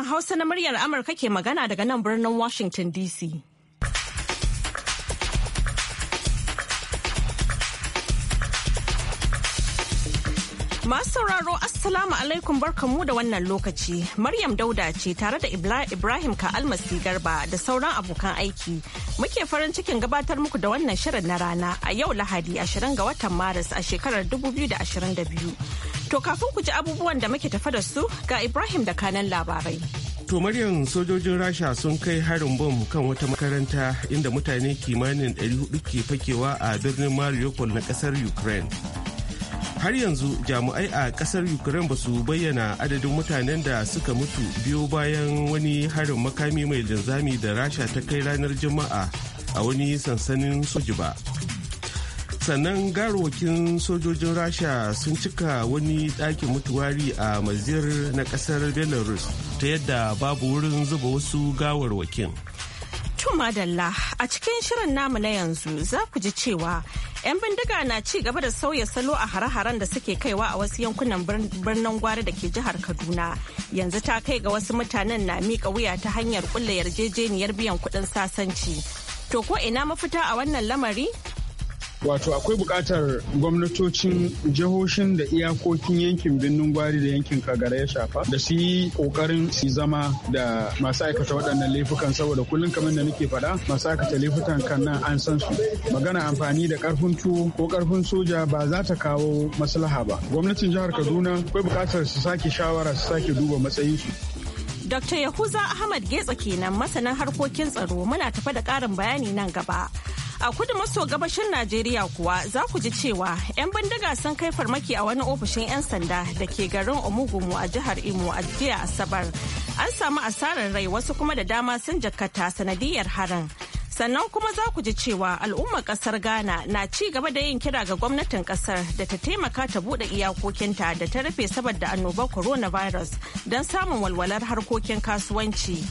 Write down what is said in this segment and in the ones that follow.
sashen Hausa na muryar Amurka ke magana daga nan birnin Washington DC. Masu sauraro Assalamu alaikum barkanmu da wannan lokaci. Maryam Dauda ce tare da Ibrahim Ka'almasi Garba da sauran abokan aiki. Muke farin cikin gabatar muku da wannan shirin na rana a yau Lahadi 20 ga watan Maris a shekarar 2022. To kafin ku ji abubuwan da muke tafa da su ga Ibrahim da kanan labarai. To Maryam sojojin Rasha sun kai harin bom kan wata makaranta inda mutane kimanin 400 ke fakewa a birnin Mariupol na kasar Ukraine. har yanzu jami'ai a kasar ukraine ba su bayyana adadin mutanen da suka mutu biyo bayan wani harin makami mai linzami da rasha ta kai ranar juma'a a wani sansanin soji ba sannan garwakin sojojin rasha sun cika wani ɗakin mutuwari a mazir na ƙasar belarus ta yadda babu wurin zuba wasu gawarwakin madalla a cikin shirin namu na yanzu za ku ji cewa 'yan bindiga na ci gaba da sauya salo a hare-haren da suke kaiwa a wasu yankunan birnin gwari da ke jihar kaduna yanzu ta kai ga wasu mutanen na miƙa wuya ta hanyar kulle yarjejeniyar biyan kuɗin sasanci to ko ina mafita a wannan lamari wato akwai bukatar gwamnatocin jihohin da iyakokin yankin birnin gwari da yankin kagara ya shafa da su yi ƙoƙarin su zama da masu aikata waɗannan laifukan saboda kullum kamar da nake faɗa masu aikata laifukan kan nan an san su magana amfani da karfin tuwo ko karfin soja ba za ta kawo maslaha ba gwamnatin jihar kaduna akwai bukatar su sake shawara su sake duba matsayin su Dr. Yahuza Ahmad Getsa kenan masanin harkokin tsaro muna tafa da ƙarin bayani nan gaba. A kudu maso gabashin Najeriya kuwa za ku ji cewa 'yan bindiga sun kai farmaki a wani ofishin 'yan sanda da ke garin Omugumu a jihar Imo a jiya Asabar. An samu asarar rai wasu kuma da dama sun jakata sanadiyar harin. Sannan kuma za ku ji cewa al'ummar kasar Ghana na ci gaba da yin kira ga gwamnatin kasar da ta taimaka ta buɗe iyakokinta da ta rufe saboda annobar coronavirus don samun walwalar harkokin kasuwanci.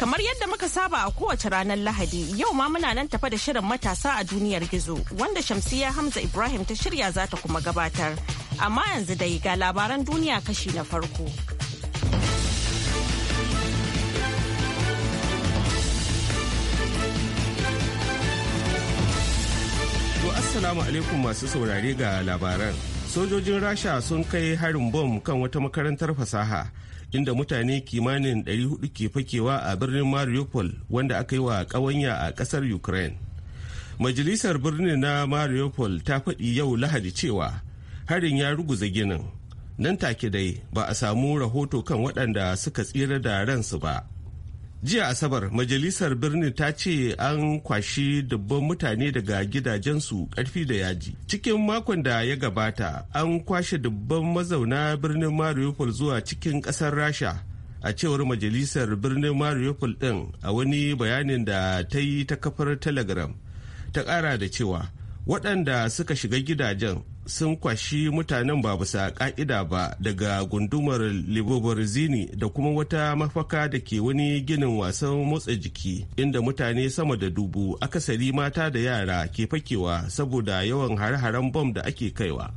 Kamar yadda muka saba a kowace ranar Lahadi, yau ma muna nan tafa da shirin matasa a duniyar gizo, wanda Shamsiya Hamza Ibrahim ta shirya za ta kuma gabatar. Amma yanzu dai ga labaran duniya kashi na farko. Assalamu alaikum masu saurare ga labaran. Sojojin Rasha sun kai harin bom kan wata makarantar fasaha inda mutane kimanin 400 ke fakewa a birnin mariupol wanda aka yi wa ƙawanya a ƙasar ukraine majalisar birnin na mariupol ta faɗi yau lahadi cewa harin ya ruguza ginin nan take dai ba a samu rahoto kan waɗanda suka tsira da ransu ba jiya asabar majalisar birnin ta ce an kwashi dubban mutane daga gidajensu karfi da yaji cikin makon da ya gabata an kwashe dubban mazauna birnin mariupol zuwa cikin kasar rasha a cewar majalisar birnin mariupol din a wani bayanin da ta yi ta kafar telegram ta kara da cewa waɗanda suka shiga gidajen sun kwashi mutanen ba bisa ka'ida ba daga gundumar libobarzini da kuma wata mafaka da ke wani ginin wasan motsa jiki inda mutane sama da dubu akasari mata da yara ke fakewa saboda yawan har haren bom da ake kaiwa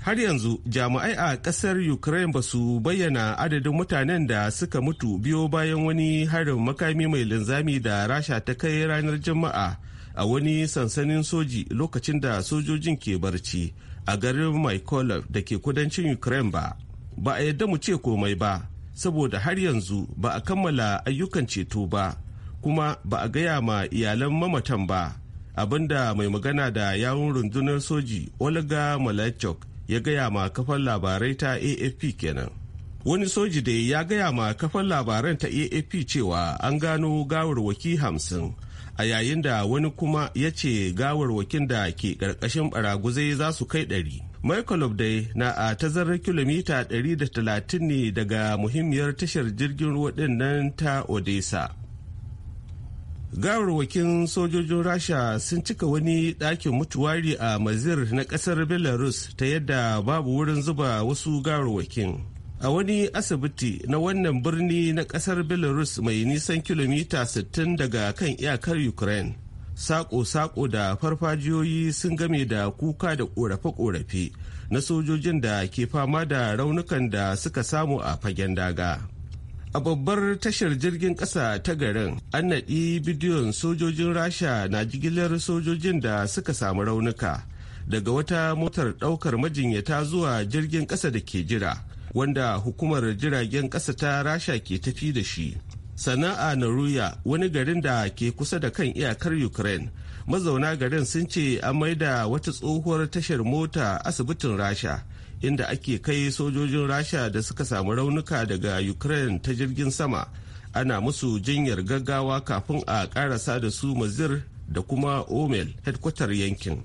har yanzu jami'ai a ƙasar ukraine ba su bayyana adadin mutanen da suka mutu biyo bayan wani harin makami mai linzami da rasha ta kai ranar juma'a a wani sansanin soji lokacin da sojojin ke barci a garin Mykolaiv da ke kudancin Ukraine ba. Ba a yadda mu ce komai ba, saboda har yanzu ba a kammala ayyukan ceto ba, kuma ba a gaya ma iyalan mamatan ba. abinda mai magana da yawun rundunar soji olga malachok ya gaya ma kafar labarai ta afp kenan wani soji da ya gaya ma kafar labaran ta afp cewa an gano gawarwaki hamsin a yayin da wani kuma ya ce gawarwakin da ke ƙarƙashin baraguzai za su kai ɗari. Michael dai na a tazarar kilomita 130 ne daga muhimmiyar tashar jirgin ruwa ɗin nan ta Odessa. gawarwakin sojojin rasha sun cika wani ɗakin mutuwari a mazir na ƙasar belarus ta yadda babu wurin zuba wasu gawarwakin a wani asibiti na wannan birni na kasar belarus mai nisan kilomita 60 daga kan iyakar ukraine sako-sako da farfajiyoyi sun game da kuka da korafe-korafe na sojojin da ke fama da raunukan da suka samu a fagen daga a babbar tashar jirgin kasa ta garin an naɗi bidiyon sojojin rasha na jigilar sojojin da suka samu raunuka daga wata motar ɗaukar majinyata zuwa jirgin ƙasa da ke jira wanda hukumar jiragen ƙasa ta rasha ke tafi da shi sana'a naruya wani garin da ke kusa da kan iyakar ukraine mazauna garin sun ce an maida wata tsohuwar tashar mota asibitin rasha inda ake kai sojojin rasha da suka samu raunuka daga ukraine ta jirgin sama ana musu jinyar gaggawa kafin a karasa da su mazir da kuma omel headkwatar yankin.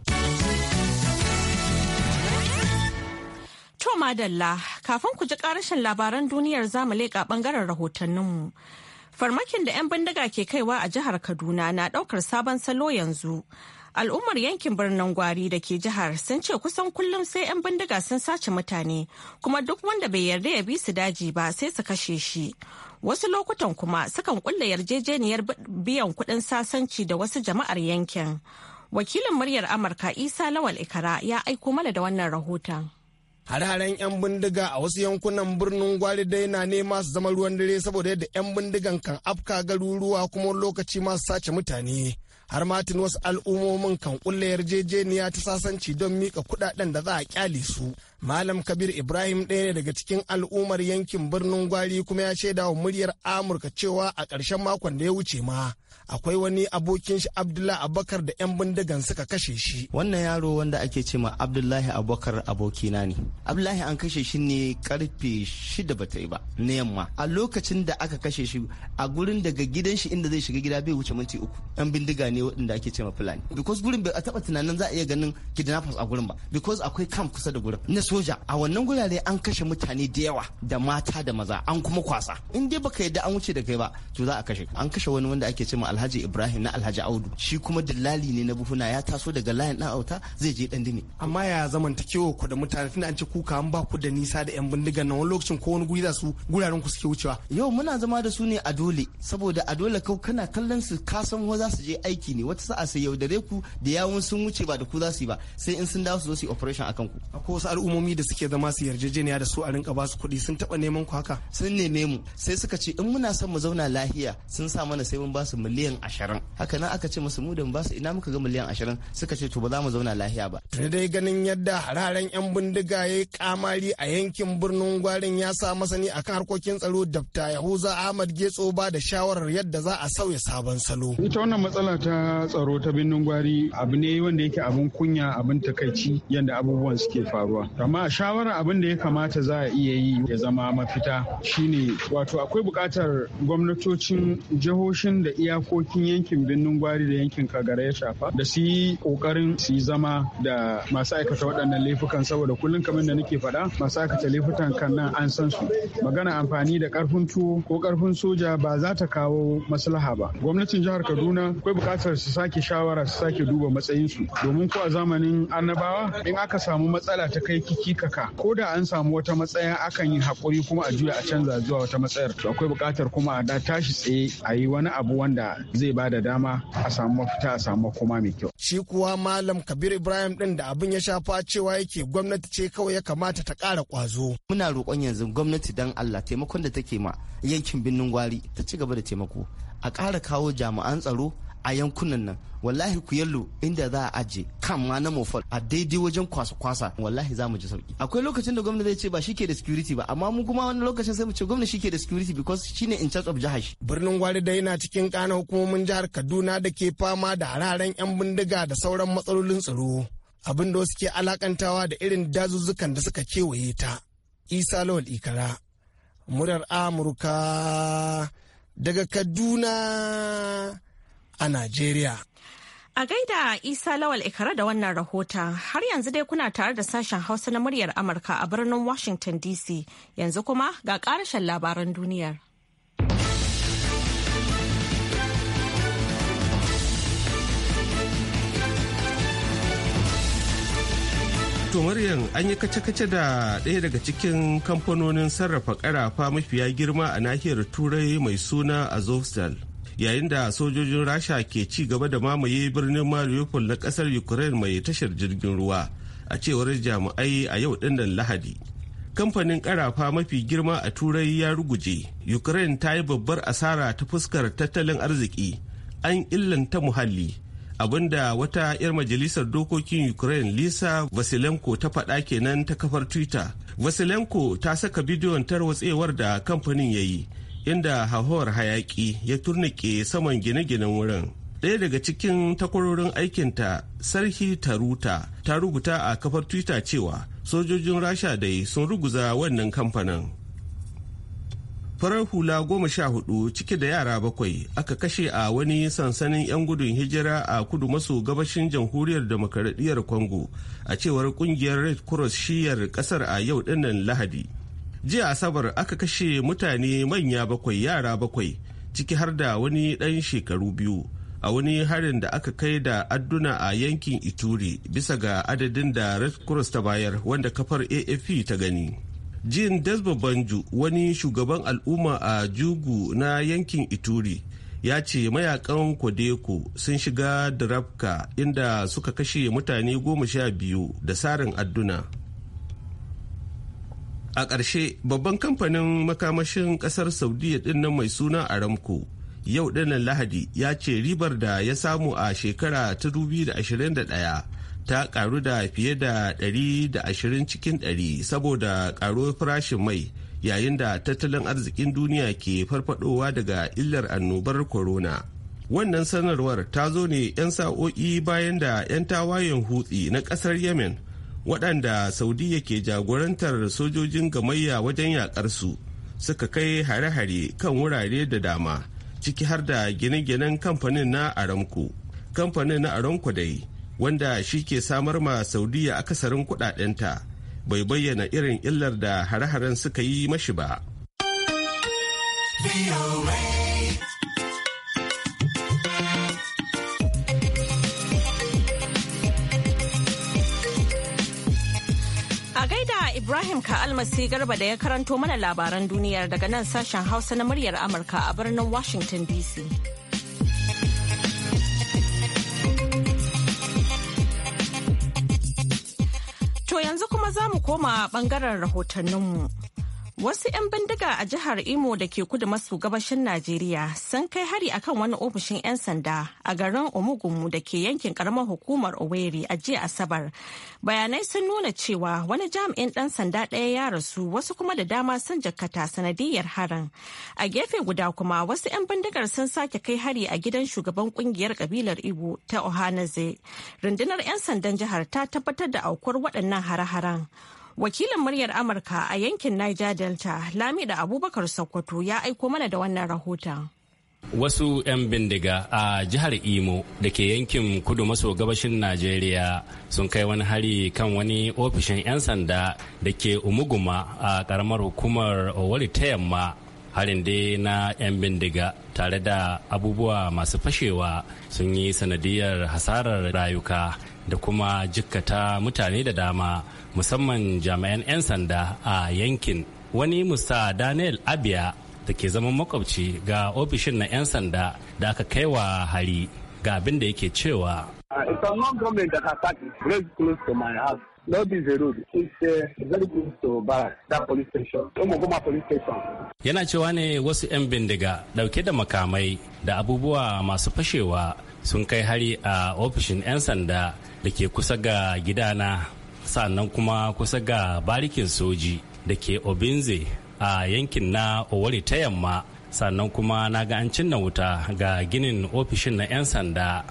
madalla kafin ku ji karashin labaran duniyar zamu leƙa bangaren rahotanninmu. Farmakin da 'yan bindiga ke kaiwa a jihar Kaduna na ɗaukar sabon salo yanzu. Al'ummar yankin birnin Gwari da ke jihar sun ce kusan kullum sai 'yan bindiga sun sace mutane, kuma duk wanda bai yarda ya bi su daji ba sai su kashe shi. Wasu lokutan kuma sukan kulle yarjejeniyar biyan kuɗin sasanci da wasu jama'ar yankin. Wakilin muryar Amurka Isa Lawal Ikara ya aiko mana da wannan rahoton. Hare-haren 'yan bindiga a wasu yankunan birnin gwari dai na nema su zama ruwan dare saboda yadda 'yan bindigan kan afka garuruwa kuma lokaci masu sace mutane. Har matin wasu al'ummomin kan kulle yarjejeniya ta sasanci don mika kudaden da za a kyale su. Malam Kabir Ibrahim ɗaya ne daga cikin al'ummar yankin birnin Gwari kuma ya shaida wa muryar Amurka cewa a ƙarshen makon da ya wuce ma akwai wani abokin shi Abdullahi Abubakar da 'yan bindigan suka kashe shi. Wannan yaro wanda ake ce ma Abdullahi Abubakar abokina ne. Abdullahi an kashe shi ne karfe shida bata yi ba na yamma. A lokacin da aka kashe shi a gurin daga gidan shi inda zai shiga gida bai wuce minti uku. 'Yan bindiga ne waɗanda ake ce ma Fulani. Because gurin bai a taɓa tunanin za a iya ganin kidnappers a gurin ba. Because akwai kam kusa da gurin. soja a wannan gurare an kashe mutane da yawa da mata da maza an kuma kwasa in dai baka yadda an wuce da kai ba to za a kashe an kashe wani wanda ake cewa Alhaji Ibrahim na Alhaji Audu shi kuma dillali ne na buhuna ya taso daga layin dan auta zai je dan dine amma ya zamantakewa ku da mutane tunda an ce kuka an ba ku da nisa da yan bindigan nan wani lokacin ko wani guri za su guraren ku suke wucewa yau muna zama da su ne a dole saboda a dole kau kana kallon su ka san wa za su je aiki ne wata sa'a sai yaudare ku da yawun sun wuce ba da ku za su yi ba sai in sun dawo su zo su yi operation akan ku akwai wasu hukumomi da suke zama su yarjejeniya da su a rinka ba su kuɗi sun taɓa neman ku haka sun neme mu sai suka ce in muna son mu zauna lahiya sun sa mana sai mun ba su miliyan ashirin haka nan aka ce musu mu da mu ba su ina muka ga miliyan ashirin suka ce to ba za mu zauna lahiya ba tuni dai ganin yadda hararen yan bindiga ya kamari a yankin birnin gwarin ya sa masani akan harkokin tsaro dabta yahuza ahmad getso ba da shawarar yadda za a sauya sabon salo ita wannan matsala ta tsaro ta birnin gwari abu ne wanda yake abin kunya abin takaici yadda abubuwan suke faruwa amma shawara abin da ya kamata za a iya yi ya zama mafita shine wato akwai bukatar gwamnatocin jihohin da iyakokin yankin birnin gwari da yankin kagara ya shafa da su yi ƙoƙarin su yi zama da masu aikata waɗannan laifukan saboda kullum kamar da nake faɗa masu aikata laifukan kan nan an san su magana amfani da karfin tuwo ko karfin soja ba za ta kawo maslaha ba gwamnatin jihar kaduna akwai bukatar su sake shawara su sake duba matsayinsu domin ko a zamanin annabawa in aka samu matsala ta kai rikici kaka ko da an samu wata matsaya akan yi hakuri kuma a juya a canza zuwa wata matsayar to akwai bukatar kuma a da tashi tsaye a yi wani abu wanda zai ba da dama a samu mafita a samu makoma mai kyau. Shi kuwa Malam Kabir Ibrahim ɗin da abin ya shafa cewa yake gwamnati ce kawai ya kamata ta ƙara ƙwazo. Muna roƙon yanzu gwamnati dan Allah taimakon da take ma yankin birnin gwari ta ci gaba da taimako a ƙara kawo jami'an tsaro a yankunan nan wallahi ku yallo inda za a aje kan ma na mofal a daidai wajen kwasa-kwasa wallahi za mu ji sauki akwai lokacin da gwamna zai ce ba shike da security ba amma mu kuma wani lokacin sai mu ce gwamna shike da security because shine in charge of jihar shi birnin gwari da yana cikin kana hukumomin jihar kaduna da ke fama da hararen yan bindiga da sauran matsalolin tsaro abin da wasu alakantawa da irin dazuzzukan da suka kewaye ta isa lawal ikara murar amurka daga kaduna a Najeriya. A gaida Isa Lawal Ikara da wannan rahota har yanzu dai kuna tare da sashen Hausa na muryar Amurka a birnin Washington DC yanzu kuma ga karashen labaran duniyar. To Maryam an yi kace-kace da ɗaya daga cikin kamfanonin sarrafa ƙarafa mafiya girma a nahiyar Turai mai suna Azovstal. yayin da sojojin rasha ke ci gaba da mamaye birnin mariupol na kasar ukraine mai tashar jirgin ruwa a cewar jami'ai a yau dinnan lahadi kamfanin karafa mafi girma a turai ya ruguje ukraine ta yi babbar asara ta fuskar tattalin arziki an illanta muhalli abinda wata 'yar majalisar dokokin ukraine lisa vasilenko ta faɗa kenan ta kafar twitter vasilenko ta saka bidiyon tarwatsewar da kamfanin ya yi inda hauhawar hayaki ya turnike saman gine-ginen wurin ɗaya daga cikin takwarorin aikinta sarhi taruta ta rubuta a kafar twitter cewa sojojin rasha dai sun ruguza wannan kamfanin farar hula goma sha hudu cike da yara bakwai aka kashe a wani sansanin 'yan gudun hijira a kudu maso gabashin jamhuriyar demokaradiyyar congo a cewar kungiyar red cross shiyar kasar a yau dinnan lahadi jiya asabar aka kashe mutane manya bakwai yara bakwai ciki har da wani ɗan shekaru biyu a wani harin da aka kai da adduna a yankin ituri bisa ga adadin da red cross ta bayar wanda kafar afp ta gani jin desmond banju wani shugaban al'umma a jugu na yankin ituri ya ce mayakan kodeko sun shiga darabka inda suka kashe mutane goma sha biyu da sarin adduna a ƙarshe babban kamfanin makamashin ƙasar saudiya dinnan mai suna aramco yau dinnan lahadi ya ce ribar da ya samu a shekara ta 2021 ta ƙaru da fiye da 120 cikin ɗari saboda karuwar farashin mai yayin da tattalin arzikin duniya ke farfadowa daga illar annobar corona wannan sanarwar ta zo ne 'yan sa'o'i bayan da 'yan tawayen hutsi na ƙasar yemen waɗanda saudiya ke jagorantar sojojin gamayya wajen su suka kai hare-hare kan wurare da dama ciki har da gine-ginen kamfanin na aramco kamfanin na aramco dai wanda shi ke samar ma saudiya akasarin kudadenta bai bayyana irin illar da hare-haren suka yi mashi ba. Ibrahim Almasi Garba da ya karanto mana labaran duniyar daga nan sashen Hausa na muryar Amurka a birnin Washington DC. To yanzu kuma za mu koma bangaren rahotanninmu. Wasu 'yan bindiga a jihar Imo da ke kudu maso gabashin Najeriya sun kai hari a kan wani ofishin 'yan sanda a garin Omugumu da ke yankin karamar hukumar Oweri a jiya Asabar. Bayanai sun nuna cewa wani jami'in ɗan sanda ɗaya ya rasu wasu kuma da dama sun jakkata sanadiyar harin. A gefe guda kuma wasu 'yan bindigar sun sake kai hari a gidan shugaban ƙungiyar kabilar Igbo ta Ohanaze. Rundunar 'yan sandan jihar ta tabbatar da aukuwar waɗannan hare-haren. Wakilin muryar Amurka a yankin Niger Delta, Lamida Abubakar Sokoto ya aiko mana da wannan rahoton. Wasu 'yan bindiga a jihar Imo da ke yankin kudu maso gabashin Najeriya sun kai wani hari kan wani ofishin 'yan sanda da ke Umuguma a karamar hukumar Owari ta yamma harin dai na 'yan bindiga tare da abubuwa masu fashewa sun yi sanadiyar hasarar rayuka da kuma jikkata mutane da dama musamman jami'an 'yan sanda a yankin wani musa daniel abia da ke zaman makwabci ga ofishin na 'yan sanda da aka kai wa hari ga abin da yake cewa Lobby the road. It's uh, very good to buy that police station. Omogoma police station. Yana cewa ne wasu 'yan bindiga dauke da makamai da abubuwa masu fashewa sun kai hari a ofishin 'yan sanda da ke kusa ga gidana sannan kuma kusa ga barikin soji da ke obinze a yankin na owari ta yamma sannan kuma na ga an cinna wuta ga ginin ofishin na 'yan sanda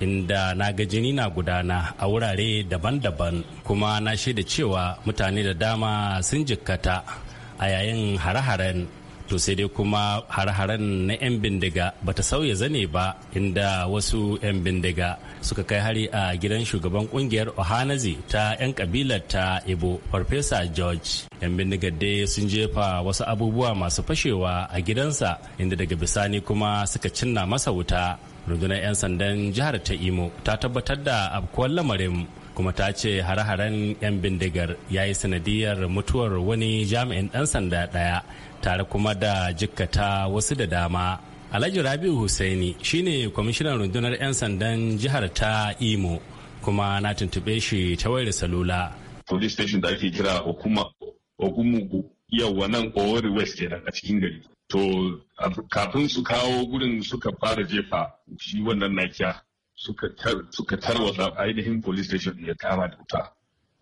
inda na ga jini na gudana a wurare daban-daban kuma na shaida cewa mutane da dama sun jikkata a yayin hare-haren to sai dai kuma hare-haren na 'yan bindiga ba ta sauya zane ba inda wasu 'yan bindiga suka kai hari a gidan shugaban kungiyar ohanazi ta 'yan kabilar ta ibo farfesa george 'yan bindiga dai sun jefa wasu abubuwa masu fashewa a gidansa inda daga bisani kuma suka cinna masa wuta rundunar 'yan sandan jihar ta imo ta tabbatar da afkuwar lamarin kuma ta ce hare-haren 'yan bindigar ya yi sanadiyar mutuwar wani jami'in ɗan sanda ɗaya tare kuma da jikkata wasu da dama alhaji rabiu husaini shine kwamishinan rundunar 'yan sandan jihar ta imo kuma na tuntube shi ta wayar salula police station da ake kira okuma a cikin gari To kafin su kawo gudun suka fara jefa shi wannan nakiya suka tarwasa ainihin police station ya kama da wuta.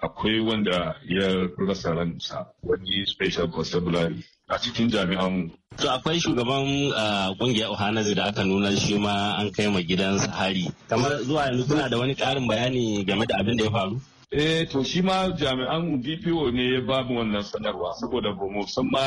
Akwai wanda ya rasa ransa wani special constabulary a cikin jami'an. To akwai shugaban ah, kungiyar Ohanazi da aka nuna shi ma an kai ma gidan sahari Kamar zuwa yanzu kuna da wani ƙarin bayani game da abin da ya faru? Eh to shi ma jami'an DPO ne ya ba wannan sanarwa saboda ba mu san ma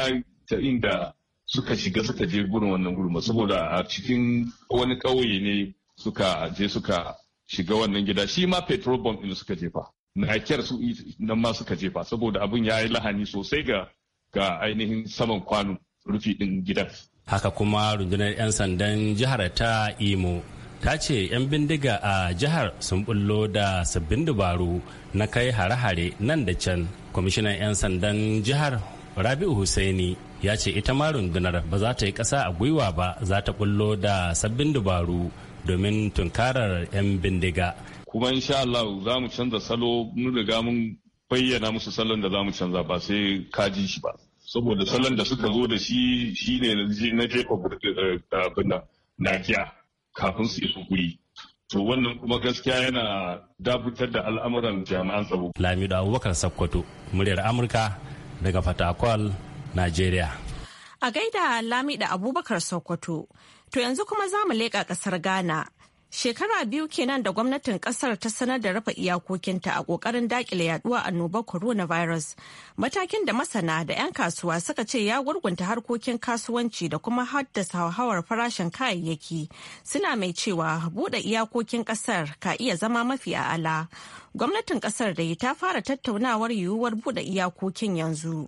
ta inda suka shiga suka je gurin wannan gurma saboda a cikin wani ƙauye ne suka je suka shiga wannan gida shi ma petrol bomb ɗin suka jefa na kyar su nan ma suka jefa saboda abin ya yi lahani sosai ga ga ainihin saman kwano rufi ɗin gidan haka kuma rundunar 'yan sandan jihar ta imo ta ce 'yan bindiga a jihar sun bullo da sabbin dabaru na kai hare-hare nan da can kwamishinan 'yan sandan jihar rabi'u husaini ya ce ita ma rundunar ba za ta yi ƙasa a gwiwa ba za ta kullo da sabbin dabaru domin tunkarar 'yan bindiga. kuma insha Allah za mu canza salo mun riga mun bayyana musu salon da za mu canza ba sai kaji shi ba saboda salon da suka zo da shi shi ne na jefa eh, eh, abin na kiya kafin su isa guri to wannan kuma gaskiya yana dabutar da al'amuran jami'an tsaro lamido abubakar sakkwato muryar amurka daga fatakwal Najeriya. A gaida Lami da Abubakar Sokoto, to yanzu kuma za mu leƙa ƙasar Ghana. Shekara biyu kenan da gwamnatin ƙasar ta sanar da rufe iyakokinta a ƙoƙarin dakile yaduwa annobar coronavirus. Matakin da masana da 'yan kasuwa suka ce ya gurgunta harkokin kasuwanci da kuma haddasa hauhawar farashin kayayyaki. Suna mai cewa buɗe iyakokin ƙasar ka iya zama mafi a'ala. Gwamnatin ƙasar da ta fara tattaunawar yiwuwar buɗe iyakokin yanzu.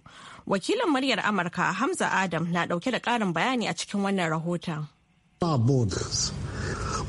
Wakilin muryar Amurka Hamza Adam na ɗauke da ƙarin bayani a cikin wannan rahoton.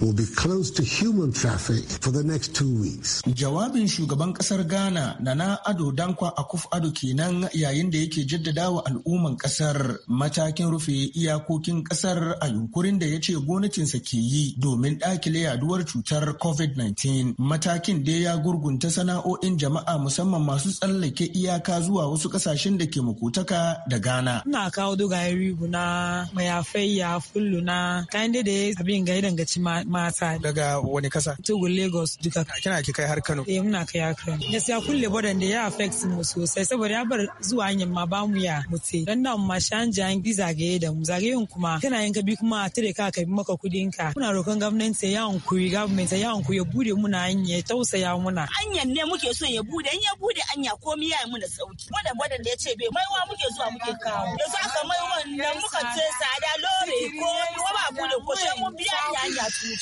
will be closed to human traffic for the next two weeks. Jawabin shugaban kasar Ghana na na Ado Dankwa kuf Ado kenan yayin da yake jaddada wa al'umman kasar matakin rufe iyakokin kasar a yunkurin da ya ce gwamnatinsa ke yi domin dakile yaduwar cutar COVID-19. Matakin da ya gurgunta sana'o'in jama'a musamman masu tsallake iyaka zuwa wasu kasashen da ke mukutaka da Ghana. Ina kawo dogayen riguna, mayafai ya fullu na, kayan da ya abin ga dangaci mata daga wani kasa togo lagos duka kina ki kai har kano eh muna kai har kano gaskiya kulle bodan da ya affect mu sosai saboda ya bar zuwa yin ma ba mu ya mutse dan nan ma shan jan bi ga yadda mu zagayen kuma kana yin ka bi kuma a tare ka kai maka kudin ka muna rokon gwamnati ya hankuri gwamnati ya hankuri ya bude muna anya ya tausaya muna anyan ne muke so ya bude in ya bude anya komai ya mu sauki bodan bodan da ya ce bai maiwa muke zuwa muke kawo yanzu aka mai nan muka ce tsada lore ko ba bude ko sai mun biya hanya hanya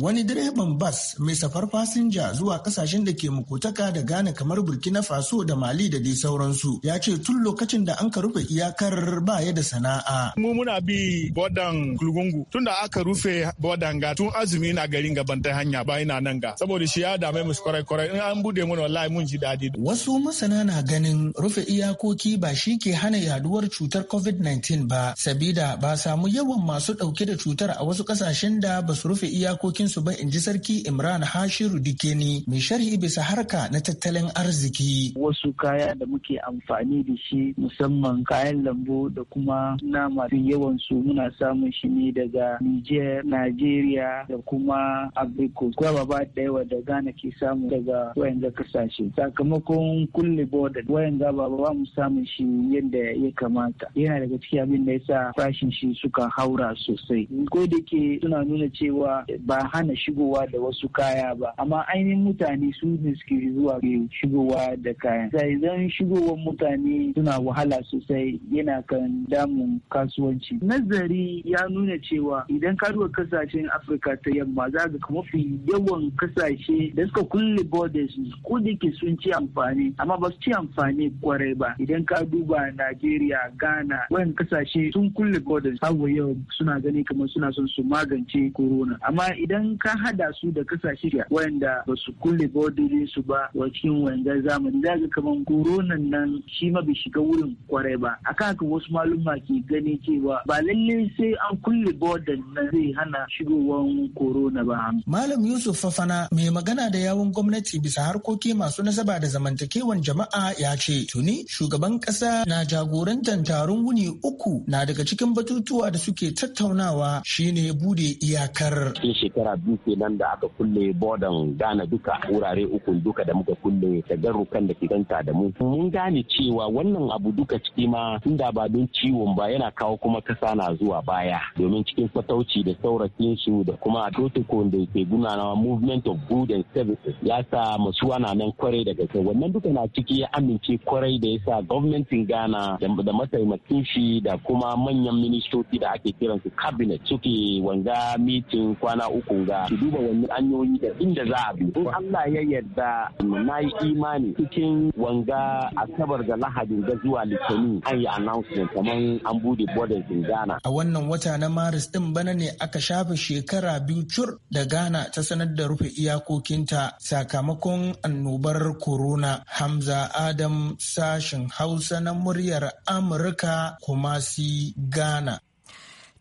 Wani direban bas mai safar fasinja zuwa kasashen da ke mukutaka da Ghana kamar Burkina Faso da Mali da dai sauransu ya ce tun lokacin da an ka rufe iyakar ba ya da sana'a. Mu muna bi bodan Kulugungu tun da aka rufe bodan ga tun azumi na garin gaban ta hanya ba ina nan ga saboda shi ya dame mu kwarai kwarai in an bude mu wallahi mun ji dadi. Wasu masana na ganin rufe iyakoki ba shi ke hana yaduwar cutar COVID-19 ba sabida ba samu yawan masu ɗauke da cutar a wasu kasashen da ba su rufe iyakoki iyakokinsu ba in ji sarki Imran Hashiru Dikeni mai sharhi bisa harka na tattalin arziki. Wasu kaya da muke amfani da shi musamman kayan lambu da kuma nama yawan su muna samun shi ne daga Niger, Nigeria da kuma Africa. Kuma ba da yawa da Ghana ke samu daga wayan ga kasashe. Sakamakon kulle border wayanga ba ba mu samun shi yadda ya kamata. Yana daga cikin abin da ya sa farashin shi suka haura sosai. Ko da ke suna nuna cewa ba hana shigowa da wasu kaya ba amma ainihin mutane su ne suke zuwa shigowa da kaya. sai zan shigowar mutane suna wahala sosai yana kan damun kasuwanci nazari ya nuna cewa idan ka duba kasashen afirka ta yamma za ga mafi yawan kasashe da suka kulle borders ko da ke sun ci amfani amma ba su ci amfani kwarai ba idan ka duba najeriya ghana wayan kasashe sun kulle borders har yau suna gani kamar suna son su magance corona amma idan ka hada su da kasashe wanda ba su kulle bodin su ba wa cikin wanzar zamani za ga kaman koronan nan shi ma bai shiga wurin kwarai ba akan haka wasu maluma ke gani cewa ba lalle sai an kulle bodin nan zai hana shigowar korona ba. Malam Yusuf Fafana mai magana da yawun gwamnati bisa harkoki masu nasaba da zamantakewan jama'a ya ce tuni shugaban kasa na jagorantar taron wuni uku na daga cikin batutuwa da suke tattaunawa shine bude iyakar cikin shekara biyu kenan da aka kulle bodan Ghana duka wurare uku duka da muka kulle da garrukan da ke danta da mu mun gane cewa wannan abu duka ciki ma inda ba don ciwon ba yana kawo kuma kasa na zuwa baya domin cikin fatauci da saurakin su da kuma protocol da ke gudanarwa movement of good and services ya sa masu ana nan kwarai da gaske wannan duka na ciki ya amince kwarai da ya sa gwamnatin Ghana da mataimakin shi da kuma manyan ministoci da ake kiransu cabinet suke wanga mitin kwa kwana uku ga ki duba wani hanyoyi da inda za a bi in Allah ya yarda na yi imani cikin wanga asabar da lahadin ga zuwa litini an yi announcement kamar an bude borders in Ghana a wannan wata na Maris din bana ne aka shafe shekara biyu cur da Ghana ta sanar da rufe iyakokinta sakamakon annobar corona Hamza Adam sashin Hausa na muryar Amurka Kumasi Ghana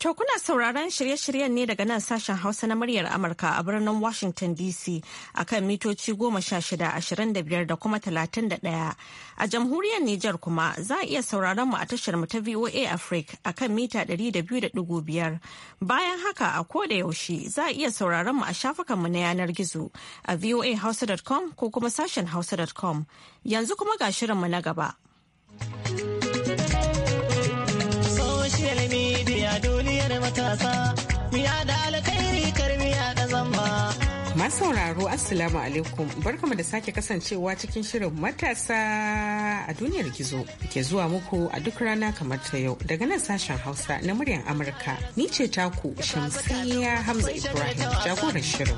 To kuna sauraron shirye-shiryen ne daga nan sashen Hausa na muryar Amurka a birnin Washington DC a kan mitoci goma sha shida ashirin da biyar da kuma talatin da ɗaya. A jamhuriyar Nijar kuma za a iya sauraron mu a tashar mu ta VOA Africa a kan mita ɗari da biyu da ɗigo biyar. Bayan haka a ko da yaushe za a iya sauraron mu a shafukan mu na yanar gizo a voahausa.com ko kuma sashen hausa.com. Yanzu kuma ga shirin mu na gaba. We are the sauraro Assalamu alaikum barkamu da sake kasancewa cikin shirin matasa a duniyar gizo ke zuwa muku a duk rana kamar ta yau daga nan sashen Hausa na muryar Amurka. Ni ce taku Shamsiyya Hamza Ibrahim jagoran shirin.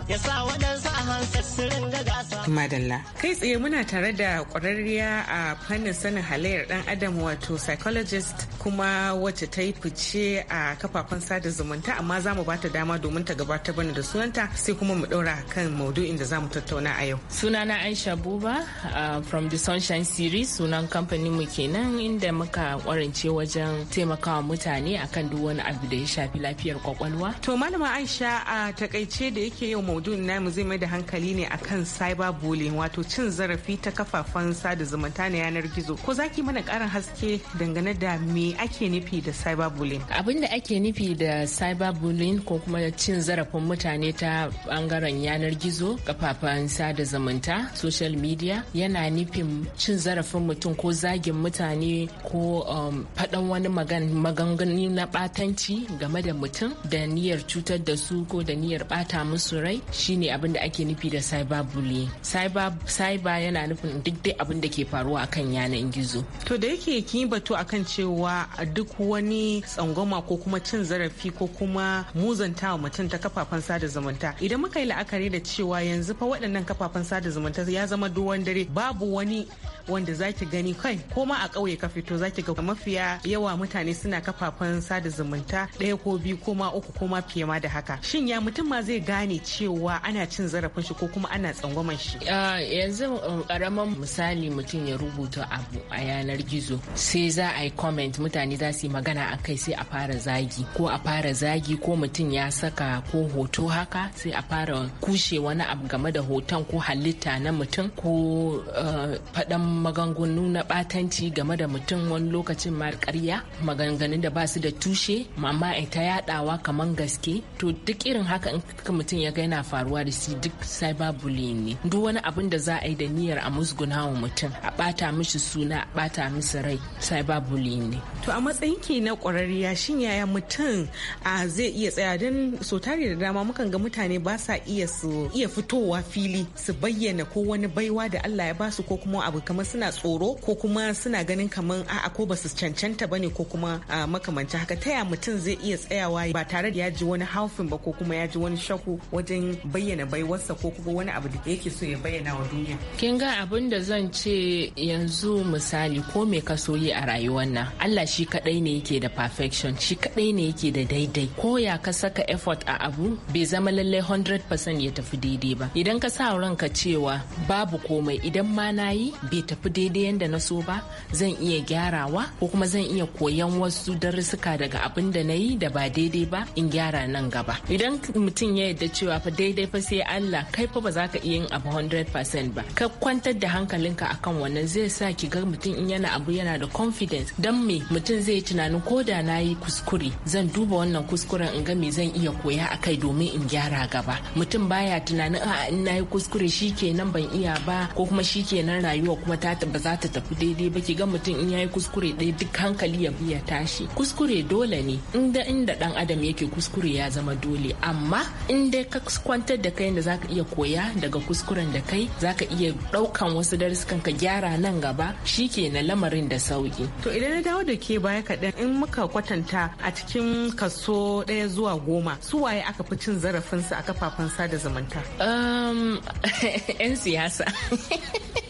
Madalla kai tsaye muna tare da ƙwararriya a fannin sanin halayyar dan adam wato psychologist kuma wacce ta yi fice a kafafen sada zumunta amma za mu bata dama domin ta gabatar bani da sunanta sai kuma mu daura kan kan maudu'in da za mu tattauna a yau. Sunana Aisha Buba uh, from the Sunshine Series sunan kamfanin mu kenan inda muka kwarance wajen taimakawa mutane akan duk wani abu da ya shafi lafiyar kwakwalwa. To malama Aisha a takaice da yake yau maudu'in namu zai mai da hankali ne akan cyber bullying wato cin zarafi ta kafafen sada zumunta na yanar gizo. Ko zaki mana karin haske dangane da me ake nufi da cyber bullying? Abin da ake nufi da cyber bullying ko kuma cin zarafin mutane ta bangaren yanar yanar gizo kafafen sada zumunta social media yana nufin cin zarafin mutum ko zagin mutane ko um, faɗan wani maganganu na batanci game da mutum da niyyar cutar da su ko da niyyar bata musu rai shine abin da ake nufi da bullying cyber yana nufin duk dai abin da ke faruwa akan yanar gizo to da yake kin batu akan cewa duk wani tsangwama ko kuma cin zarafi ko kuma muzantawa mutum ta kafafen sada zumunta idan muka yi la'akari da cewa yanzu fa waɗannan kafafen sada zumunta ya zama duwan dare babu wani wanda zaki gani kai ko ma a ƙauye ka fito zaki ga mafiya yawa mutane suna kafafen sada zumunta ɗaya ko biyu ko ma uku ko ma fiye ma da haka shin ya mutum ma zai gane cewa ana cin zarafin shi ko kuma ana tsangwaman shi ah, yanzu karaman um, misali mutum ya rubuta abu a yanar gizo sai za a yi comment mutane za su yi magana a kai sai a fara zagi ko a fara zagi ko mutum ya saka ko hoto haka sai a fara kushi rushe wani abu game da hoton ko halitta na mutum ko eh, faɗan maganganu na batanci game da mutum wani lokacin ma ƙarya maganganun da basu da tushe amma ta yaɗawa kamar gaske to duk irin haka in mutum ya ga yana faruwa da su duk cyberbullying ne duk wani abin da za a yi da niyyar a musguna wa mutum a ɓata mishi suna a ɓata mishi rai cyberbullying ne to a matsayin ki na ƙwararriya shin yaya mutum ah, zai iya tsaya don so da dama mukan ga mutane ba sa iya su iya fitowa fili su bayyana ko wani baiwa da Allah ya basu ko kuma abu kamar suna tsoro ko kuma suna ganin kamar a'a ko basu cancanta bane ko kuma makamanci haka taya mutum zai iya tsayawa ba tare da ya ji wani haufin ba ko kuma ya ji wani shaku wajen bayyana baiwarsa ko kuma wani abu da yake so ya bayyana wa duniya. Kin ga abin da zan ce yanzu misali ko me ka so yi a rayuwar nan Allah shi kadai ne yake da perfection shi kadai ne yake da daidai ko ya ka saka effort a abu bai zama lallai 100% ya tafi daidai ba idan ka sa ranka cewa babu komai idan ma na yi bai tafi daidai yadda na so ba zan iya gyarawa ko kuma zan iya koyan wasu darussuka daga abin da na yi da ba daidai ba in gyara nan gaba idan mutum ya yarda cewa fa daidai fa sai Allah kai fa ba za ka iya yin abu 100% ba ka kwantar da hankalinka akan wannan zai sa ki ga mutum in yana abu yana da confidence dan me mutum zai tunanin ko da na yi kuskure zan duba wannan kuskuren in ga me zan iya koya a kai domin in gyara gaba mutum baya baya tunanin a in yi kuskure shi shikenan ban iya ba ko kuma shi shikenan rayuwa kuma ta ba za ta tafi daidai ba ki ga mutum in yayi kuskure ɗaya duk hankali ya biya tashi kuskure dole ne inda inda dan adam yake kuskure ya zama dole amma in dai ka kwantar da kai da zaka iya koya daga kuskuren da kai zaka iya ɗaukan wasu daruskan ka gyara nan gaba shi shikenan lamarin da sauki to idan na dawo da ke baya kaɗan in muka kwatanta a cikin kaso ɗaya zuwa goma su waye aka fi cin zarafinsu a kafafen sada zumunta sana'anka? Um, 'yan siyasa.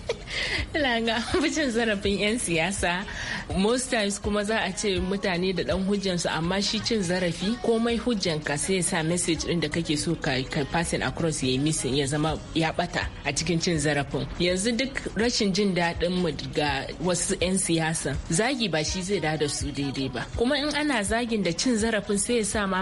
langa cin zarafin 'yan siyasa most times kuma za a ce mutane da dan su amma shi cin zarafi komai hujjanka sai sa message din da kake so ka passin across ya yi missing ya zama ya bata a cikin cin zarafin yanzu duk rashin jin daɗin mu ga wasu 'yan siyasa zagi ba shi zai da su daidai ba kuma in ana zagin da cin zarafin sai ya sa ma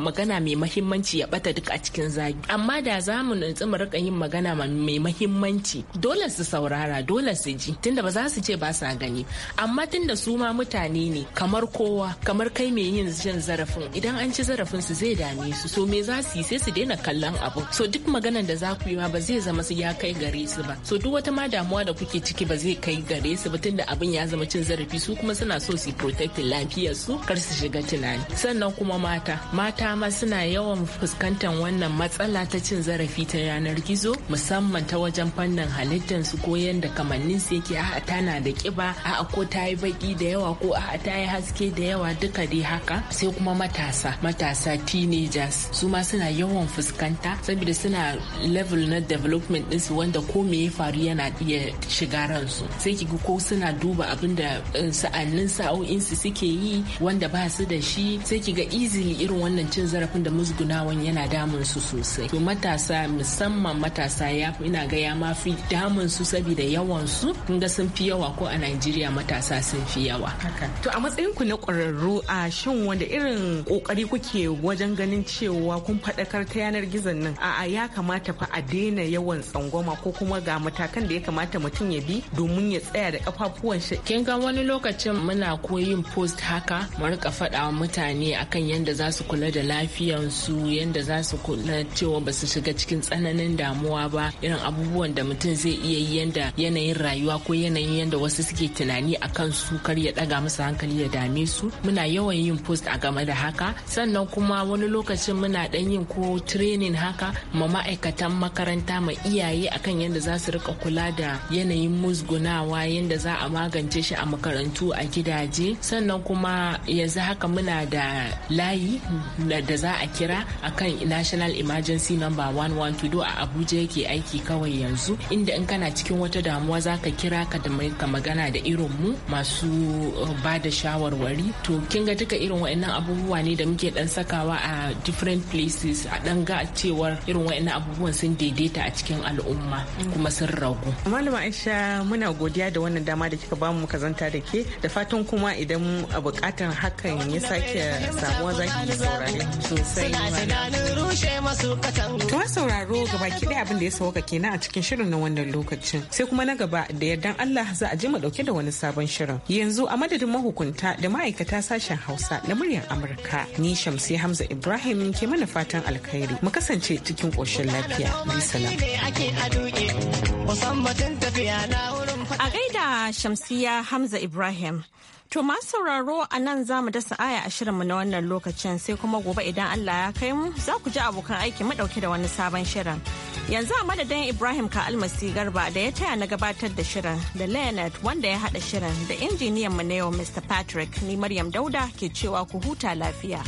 magana mai mahimmanci ya bata duk a cikin zagi amma da za mu nutsi mu rika yin magana mai mahimmanci dole su saurara yara dole su ji tunda ba za su ce ba sa gani amma tunda su ma mutane ne kamar kowa kamar kai mai yin jin zarafin idan an ci zarafin su zai dame su so me za su yi sai su daina kallon abu so duk maganan da za ku yi ba zai zama su ya kai gare su ba so duk wata ma damuwa da kuke ciki ba zai kai gare su ba tunda abin ya zama cin zarafi su kuma suna so su protect lafiyar su kar su shiga tunani sannan kuma mata mata ma suna yawan fuskantar wannan matsala ta cin zarafi ta yanar gizo musamman ta wajen fannin halittar su ko da kamannin su yake a'a tana da kiba a'a ko ta yi baki da yawa ko a'a ta yi haske da yawa duka dai haka sai kuma matasa matasa teenagers su ma suna yawan fuskanta saboda suna level na development ɗinsu wanda ko me ya faru yana iya shiga ransu sai ki ko suna duba abin da eh, sa'annin sa'o'in su suke yi wanda ba su da shi sai ki ga easily irin wannan cin zarafin da musgunawan yana damun su sosai to matasa musamman matasa ya ina ga ya mafi damun su saboda yawan su ga sun fi yawa ko a Najeriya matasa sun fi yawa. To a matsayin ku na ƙwararru a shin wanda irin ƙoƙari kuke wajen ganin cewa kun faɗakar ta yanar gizon nan a'a ya kamata fa a daina yawan tsangwama ko kuma ga matakan da ya kamata mutum ya bi domin ya tsaya da kafafuwan shi. Kin ga wani lokacin muna koyin post haka mu rika faɗa mutane akan yadda za su kula da lafiyansu yadda za su kula cewa ba su shiga cikin tsananin damuwa ba irin abubuwan da mutum zai iya yi yadda yanayin rayuwa ko yanayin yadda wasu suke tunani a kan su kar ya daga musu hankali ya dame su muna yawan yin post a game da haka sannan kuma wani lokacin muna ɗan yin ko training haka ma ma'aikatan makaranta ma iyaye akan yadda za su rika kula da yanayin musgunawa yadda za a magance shi a makarantu a gidaje sannan kuma yanzu haka muna da layi da za a kira akan national emergency number 112 a abuja yake aiki kawai yanzu inda in kana cikin wata wata damuwa za ka kira ka da mai ka magana da irin mu masu eh, ba da shawarwari to kin ga duka irin wa'annan abubuwa ne da muke dan sakawa a different places a dan ga cewar irin wa'annan abubuwan sun daidaita a cikin al'umma kuma sun ragu malama aisha muna godiya da wannan dama da kika bamu kazanta da ke da fatan kuma idan a bukatar hakan ya sake samuwa za ki saurare sosai to sauraro gaba ki abin da ya sauka kenan a cikin shirin na wannan lokacin sai kuma na gaba da yardan Allah za a je mu dauke da wani sabon shirin. Yanzu a madadin mahukunta da ma'aikata sashen Hausa na muryar Amurka. Ni Shamsi Hamza Ibrahim ke mana fatan alkhairi. Mu kasance cikin koshin lafiya. Bi Shamsiya Hamza Ibrahim. To masu sauraro a nan za mu dasa aya a shirinmu na wannan lokacin sai kuma gobe idan Allah ya kai mu za ku ji abokan aiki madauke da wani sabon shirin. Yanzu a madadin Ibrahim ka almasi garba da ya taya na gabatar da shirin da Leonard wanda ya haɗa shirin da injiniyan mu na yau Mr. Patrick ni Maryam Dauda ke cewa ku huta lafiya.